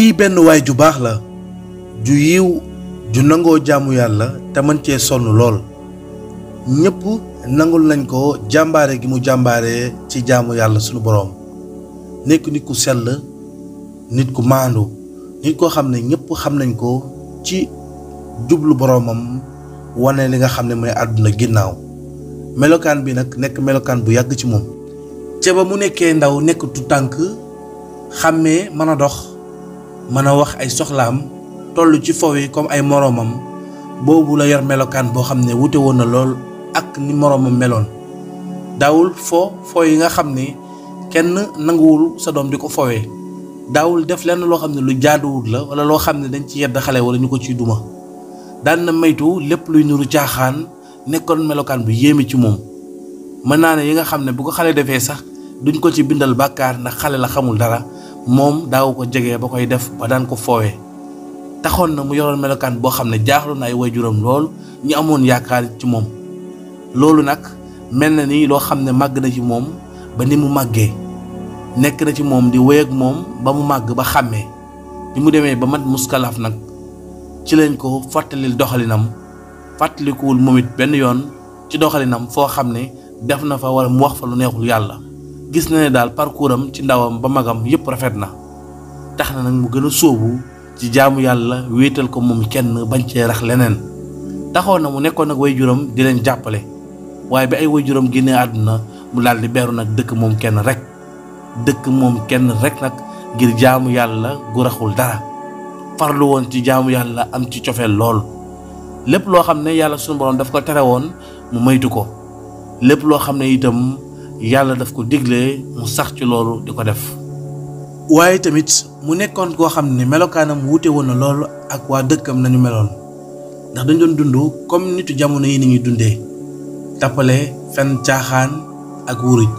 kii benn waay ju baax la ju yiw ju nangoo jaamu yàlla te mën cee sonn lool ñëpp nangul nañ ko jàmbaare gi mu jàmbaare ci jaamu yàlla sunu boroom nekk nit ku sell nit ku maandu nit koo xam ne ñëpp xam nañ ko ci jublu boroomam wane li nga xam ne mooy àdduna ginnaaw melokaan bi nag nekk melokaan bu yàgg ci moom. ca ba mu nekkee ndaw nekk tu tànk xàmmee mën a dox. mën a wax ay soxlaam toll ci fow yi comme ay moroomam boobu la yor melokaan boo xam ne wute woon na lool ak ni moroomam meloon daawul foo foo yi nga xam ne kenn nanguwul sa doom di ko foowee daawul def lenn loo xam ne lu jaaduwut la wala loo xam ne dañ ci yedd xale wala ñu ko ciy duma daan na maytu lépp luy nuru caaxaan nekkoon melokaan bu yéeme ci moom mën naa ne yi nga xam ne bu ko xale defee sax duñ ko ci bindal bàkkaar ndax xale la xamul dara moom daaw ko jege ba koy def ba daan ko foowee taxoon na mu yoroon melokaan boo xam ne jaaxlu na ay waajuram lool ñu amoon yaakaar ci moom loolu nag mel na ni loo xam ne màgg na ci moom ba ni mu màggee nekk na ci moom di wéy ak moom ba mu màgg ba xàmmee bi mu demee ba mat muskalaaf nag ci leen ko fàttalil doxalinam fàttalikuwul moom it benn yoon ci doxalinam foo xam ne def na fa wala mu wax fa lu neexul yàlla gis na ne daal parcours ci ndawam ba magam yépp rafet na tax na nag mu gën a sóobu ci jaamu yàlla wéetal ko moom kenn bañ cee rax leneen taxoon na mu nekkoon nag juróom di leen jàppale waaye bi ay juróom génne àdduna mu daal di beeru nag dëkk moom kenn rek dëkk moom kenn rek nag ngir jaamu yàlla gu raxul dara farlu woon ci jaamu yàlla am ci cofeel lool lépp loo xam ne yàlla sunu borom daf ko tere woon mu moytu ko lépp loo xam ne itam yàlla daf ko digle mu sax ci loolu di ko def waaye tamit mu nekkoon koo xam ne melokaanam wuute woon na loolu ak waa dëkkam nañu meloon ndax dañ doon dund comme nitu jamono yi ni ñuy dundee tappale fen caaxaan ak wuruj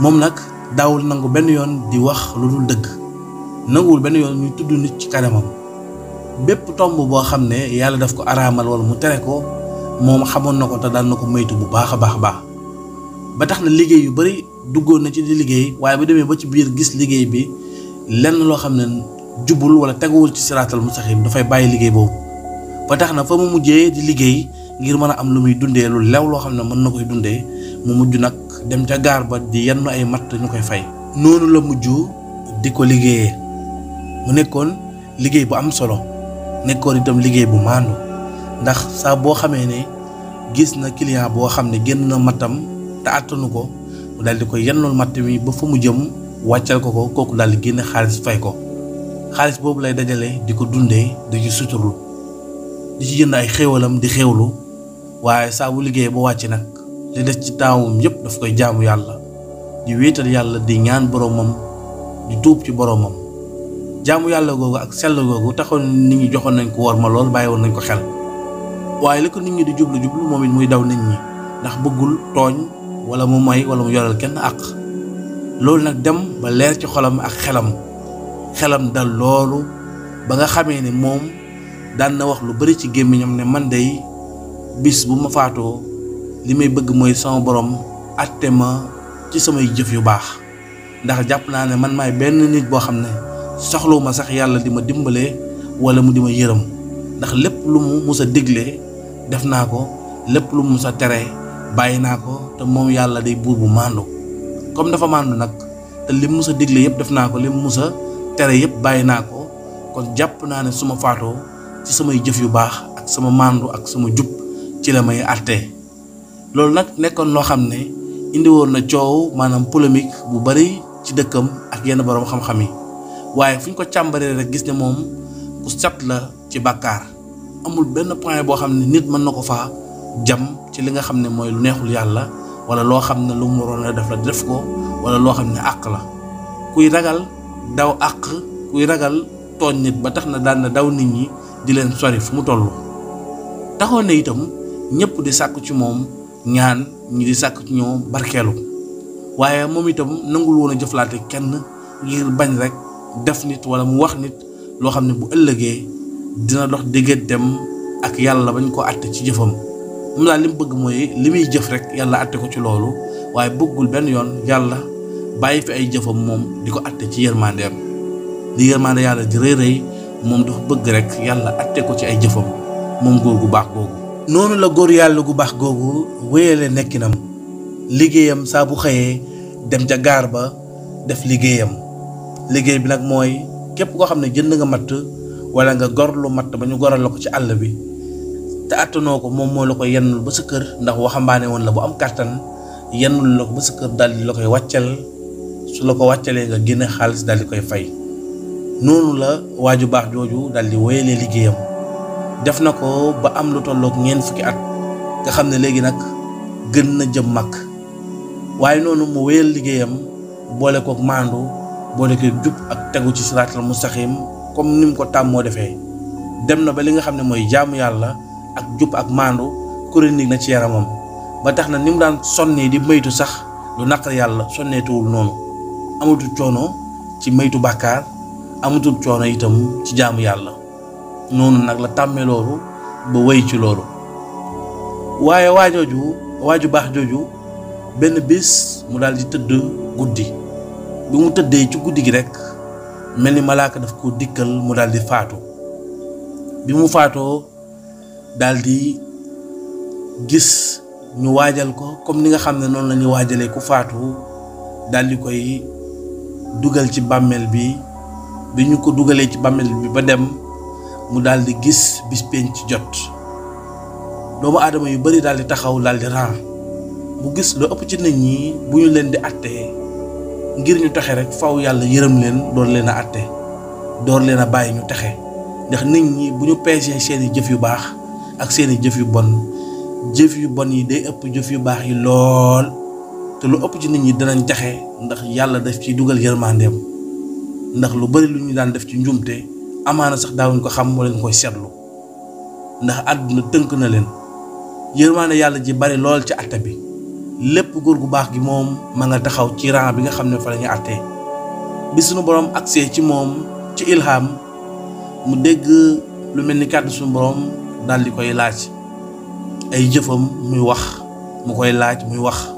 moom nag daawul nangu benn yoon di wax lu dul dëgg nanguwul benn yoon ñu tudd nit ci kanamam bépp tomb boo xam ne yàlla daf ko araamal wala mu tere ko moom xamoon na ko te daan na ko moytu bu baax a baax a baax ba tax na liggéey yu bari duggoon na ci di liggéey waaye bu demee ba ci biir gis liggéey bi lenn loo xam ne jubul wala teguwul ci siraatal mustaxim dafay bàyyi liggéey boobu ba tax na fa mu mujjee di liggéey ngir mën a am lu muy dundee lu lew loo xam ne mën na koy dundee mu mujj nag dem ca gaar ba di yenn ay matt ñu koy fay noonu la mujj di ko liggéeyee mu nekkoon liggéey bu am solo nekkoon itam liggéey bu maandu ndax saa boo xamee ne gis na client boo xam ne génn na mattam te àttanu ko mu daal di ko yennul matt wi ba fa mu jëm wàccal ko ko kooku daal di génne xaalis fay ko xaalis boobu lay dajale di ko dundee di ci suturlu di ci jënd ay xéewalam di xéewlu waaye saabu bu liggéey ba wàcc nag li des ci taawum yépp daf koy jaamu yàlla di wéetal yàlla di ñaan boroomam di tuub ci boroomam jaamu yàlla googu ak sell googu taxoon nit ñi joxoon nañ ko war ma lool bàyyi woon nañ ko xel waaye li ko nit ñi di jublu jublu moom daw nit wala mu may wala mu yoral kenn àq loolu nag dem ba leer ci xolam ak xelam xelam dal loolu ba nga xamee ne moom daan na wax lu bari ci gémmiñam ne man day bis bu ma faatoo li may bëgg mooy sama borom atte ma ci samay jëf yu baax ndax jàpp naa ne man maay benn nit boo xam ne soxlawuma sax yàlla di ma dimbalee wala mu di ma yërëm ndax lépp lu mu mus a digle def naa ko lépp lu mu mus a tere bàyyi naa ko te moom yàlla de buur bu màndu comme dafa màndu nag te lim musa digle yëpp def naa ko lim musa tere yëpp bàyyi naa ko kon jàpp naa ne suma ma faatoo ci samay jëf yu baax ak sama màndu ak sama jub ci la may àttee loolu nag nekkoon loo xam ne indi woon na coow maanaam polémique bu bari ci dëkkam ak yenn boroom xam-xam yi waaye fu ñu ko càmbaree rek gis ne moom ku set la ci bàkkaar amul benn point boo xam ne nit mën na ko faa jam ci li nga xam ne mooy lu neexul yàlla wala loo xam ne lu mu waroon a def la def ko wala loo xam ne àq la kuy ragal daw àq kuy ragal tooñ nit ba tax na daan na daw nit ñi di leen sori fu mu toll taxoon ne itam ñépp di sàkk ci moom ñaan ñi di sàkk ci ñoom barkeelu waaye moom itam nangul woon a jëflaate kenn ngir bañ rek def nit wala mu wax nit loo xam ne bu ëllëgee dina dox digganteem ak yàlla bañ ko àtte ci jëfam moom daal li mu bëgg mooy li muy jëf rek yàlla atte ko ci loolu waaye bëggul benn yoon yàlla bàyyi fi ay jëfam moom di ko atte ci yërmandeem di yërmande yàlla di rëy rëy moom dox bëgg rek yàlla atte ko ci ay jëfam moom góor gu baax googu. noonu la góor yàlla gu baax googu wéyale nekkinam liggéeyam saa bu xëyee dem ca gaar ba def liggéeyam liggéey bi nag mooy képp koo xam ne jënd nga matt wala nga gor lu matt ba ñu goral la ko ci àll bi. te àttanoo ko moom moo la ko yennul ba sa kër ndax waxambaane woon la bu am kàttan yennul la ko ba sa kër daal di la koy wàccal su la ko wàccalee nga génne xaalis daal di koy fay noonu la waaju baax jooju dal di wéyalee liggéeyam def na ko ba am lu tollook ngeen fukki at nga xam ne léegi nag gën na jëm mag waaye noonu mu wéyal liggéeyam boole kook maandu boole kook jub ak tegu ci siraatal mustaxim comme ni mu ko tàmmoo defee dem na ba li nga xam ne mooy jaamu yàlla ak jub ak maandu chronique na ci yaramam ba tax na ni mu daan sonnee di maytu sax lu naqar yàlla sonneetuwul noonu amatul coono ci maytu bàkkaar amatul coono itam ci jaamu yàlla noonu nag la tàmmee loolu ba wéy ci loolu waaye waajooju waaju baax jooju benn bis mu dal di tëdd guddi bi mu tëddee ci guddi gi rekk mel ni malaaka daf ko dikkal mu dal di faatu bi mu faatoo daal di gis ñu waajal ko comme ni nga xam ne noonu la ñuy waajalee ku faatu daldi koy dugal ci bàmmeel bi bi ñu ko dugalee ci bàmmeel bi ba dem mu daldi gis bis ci jot doomu aadama yu bari daal di taxaw daal di mu gis lu ëpp ci nit ñi bu ñu leen di àttee ngir ñu taxe rek faw yàlla yërëm leen door leen a àtte door leen a bàyyi ñu texe ndax nit ñi bu ñu peesee seeni jëf yu baax ak seeni jëf yu bon jëf yu bon yi day ëpp jëf yu baax yi lool te lu ëpp ci nit ñi danañ jaxe ndax yàlla def ciy dugal yërmandeem ndax lu bari lu ñu daan def ci njumte amaana sax daa ko xam moo koy seetlu ndax àdduna tënk na leen yërmande yàlla ji bari lool ci atte bi lépp góor gu baax gi moom ma nga taxaw ci rang bi nga xam ne fa la ñu àttee bi suñu borom agsee ci moom ci ilham mu dégg lu mel ni kàddu suñu borom daldi di koy laaj ay jëfam muy wax mu koy laaj muy wax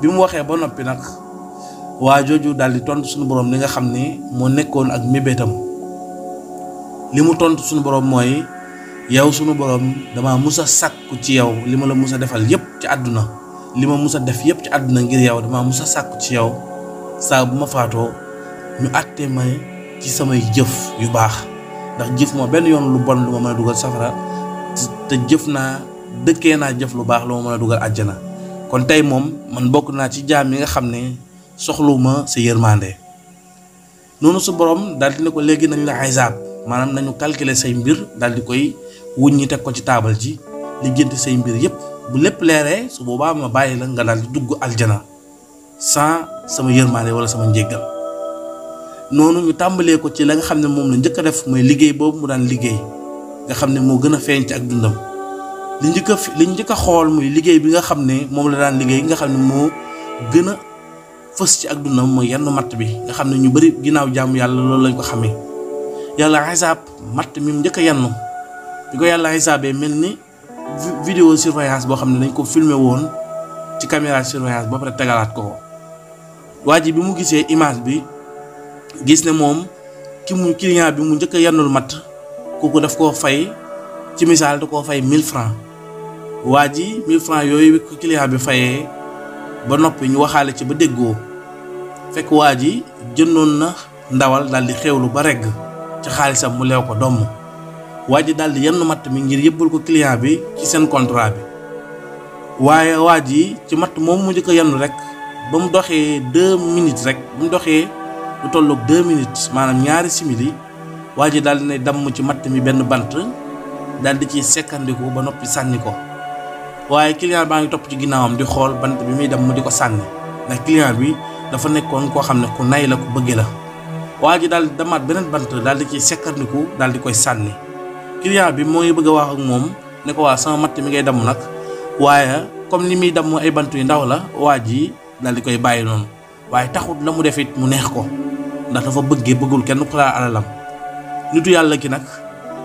bi mu waxee ba noppi nag waa jooju daal tontu suñu borom li nga xam ni moo nekkoon ak mébétam li mu tontu suñu boroom mooy yow sunu borom dama musa a sàkku ci yow li ma la mus a defal yépp ci àdduna li ma mus a def yëpp ci àdduna ngir yow dama musa a sàkku ci yow saa bu ma faatoo ñu àttee may ci samay jëf yu baax ndax jëf moo benn yoon lu bon lu ma mën a dugal safara te jëf naa dëkkee naa jëf lu baax lu ma mën a dugal àjjana kon tey moom man bokk naa ci jaam yi nga xam ne soxluwuma sa yërmande noonu su borom daal di ne ko léegi nañ ay xisaab maanaam nañu calculer say mbir daal di koy wuññi teg ko ci taabal ji lijjanti say mbir yépp bu lépp leeree su boobaa ma bàyyi la nga daal di dugg aljana sans sama yërmande wala sama njéggal noonu ñu tàmbalee ko ci la nga xam ne moom la njëkk def mooy liggéey boobu mu daan liggéey nga xam ne moo gën a feeñ ci ak dundam li njëkk a li njëkk xool muy liggéey bi nga xam ne moom la daan liggéey nga xam ne moo gën a fës ci ak dundam mooy yenn matt bi nga xam ne ñu bari ginnaaw jàmm yàlla loolu lañ ko xamee yàlla xisaab matt mi mu njëkk a yenn bi ko yàlla xisaabee mel ni vidéo surveillance boo xam ne dañ ko filmer woon ci caméra surveillance ba pare tegalaat ko waa ji bi mu gisee image bi gis ne moom ki mu client bi mu njëkk kooku daf koo fay ci misaal da koo fay 1000 francs waa ji 1000 francs yooyu ko client bi fayee ba noppi ñu waxaale ci ba déggoo fekk waa ji jëndoon na ndawal daal di lu ba regg ci xaalisam mu leew ko domm waa ji daal di yenn matt mi ngir yëbbal ko client bi ci seen contrat bi waaye waa ji ci matt moom mu njëkk a yenn rek ba mu doxee deux minutes rek ba mu doxee lu tolloog deux minutes maanaam ñaari simili waa ji daal di ne damm ci matt mi benn bant daal di ciy sekkandiku ba noppi sànni ko waaye client baa ngi topp ci ginnaawam di xool bant bi muy damm di ko sànni ndax client bi dafa nekkoon koo xam ne ku nay la ku bëgge la waa ji daal di damaat beneen bant daal di ciy sekkandiku daal di koy sànni client bi moo bëgg a wax ak moom ne ko waa sama matt mi ngay damm nag waaye comme ni muy damm ay bant yu ndaw la waa ji dal di koy bàyyi noonu waaye taxut la mu def it mu neex ko ndax dafa bëggee bëggul kenn ku laa alalam nitu yàlla ki nag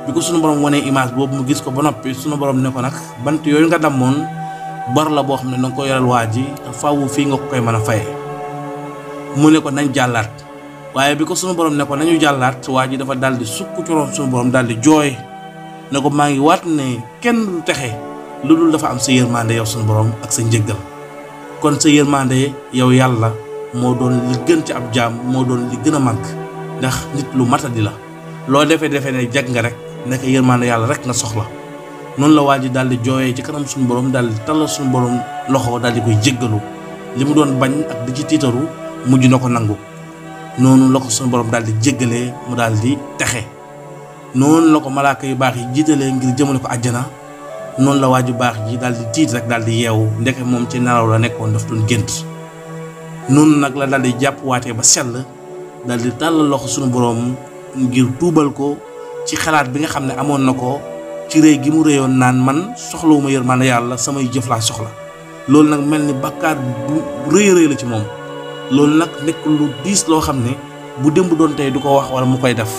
bi ko sunu borom wanee image boobu mu gis ko ba noppi sunu borom ne ko nag bant yooyu nga dammoon bor la boo xam ne danga ko yoral waa ji faawu fii nga ko koy mën a faye mu ne ko nañ jàllaat waaye bi ko sunu borom ne ko nañu jàllaat waa ji dafa daal di sukk coroon sunu borom daal di jooy ne ko maa ngi waat ne kenn du texe lu dul dafa am sa yërmande yow sunu borom ak sa njëggal kon sa yërmande yow yàlla moo doon li gën ci ab jaam moo doon li gën a màgg ndax lu matadi la loo defee defe ne jag nga rek nekk yërmaande yàlla rek nga soxla noonu la waa ji daal di jooyee ci kanam suñu borom daal di tallal suñu borom loxo daal di koy jéggalu li doon bañ di ci tiitaru mujj na ko nangu noonu la suñu borom daal di jéggalee mu daal di texe noonu la ko malaaka yu baax yi jiitalee ngir jëmale ko àjjana noonu la waa ju baax ji daal di tiit rek daal di yeewu ndeke moom ci nelaw la nekkoon daf doon gént noonu nag la daal di jàpp waatee ba sell daal di tàllal loxo suñu borom ngir tuubal ko ci xalaat bi nga xam ne amoon na ko ci réy gi mu réyoon naan man soxlawuma yërmande yàlla samay jëf laa soxla loolu nag mel ni bàkkaar bu rëy rëy la ci moom loolu nag nekk lu diis loo xam ne bu démb doon tey du ko wax wala mu koy def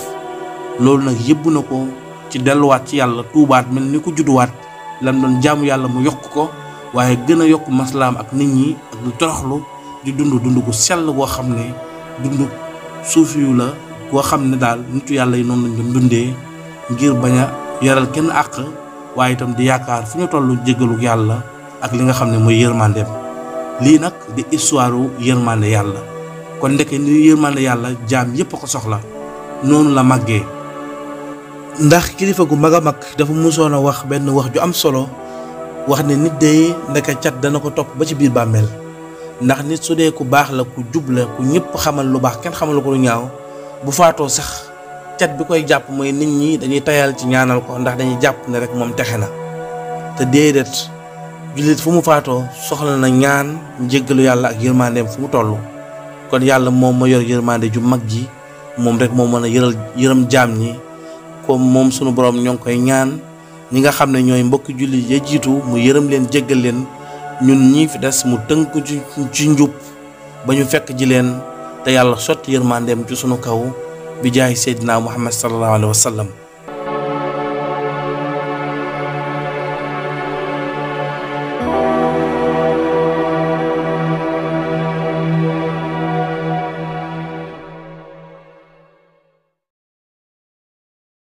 loolu nag yëbbu na ko ci delluwaat ci yàlla tuubaat mel ni ku judduwaat lan doon jaamu yàlla mu yokk ko waaye gën a yokk maslaam ak nit ñi ak lu toroxlu di dund dund ko sell boo xam ne dund suufiyu koo xam ne daal nitu yàlla yi noonu lañ dundee ngir bañ a yaral kenn àq waaye itam di yaakaar fu ñu toll jégalu yàlla ak li nga xam ne mooy yërmandeem lii nag di histoire yërmande yàlla kon ndeke ni yërmande yàlla jaam yépp a ko soxla noonu la màggee ndax kilifa gu mag a mag dafa mosoon a wax benn wax ju am solo wax ne nit day ndeke cat dana ko topp ba ci biir bàmmeel ndax nit su dee ku baax la ku jub la ku ñëpp xamal lu baax kenn xamal ko lu ñaaw bu faatoo sax cat bi koy jàpp mooy nit ñi dañuy tayal ci ñaanal ko ndax dañuy jàpp ne rek moom texe na te déedéet jullit fu mu faatoo soxla na ñaan njéggalu yàlla ak yërmandeem fu mu toll kon yàlla moom ma yor yërmande ju mag ji moom rek moo mën a yëral yërëm jaam ñi comme moom sunu borom ñoo ngi koy ñaan ñi nga xam ne ñooy mbokki jullit ya jiitu mu yërëm leen jéggal leen ñun ñii fi des mu tënk ci njub ba ñu fekk ji leen te yàlla sotti yërmandeem ci sunu kaw bi jaay seydinaa muhammad sallallahu alayhi wa sallam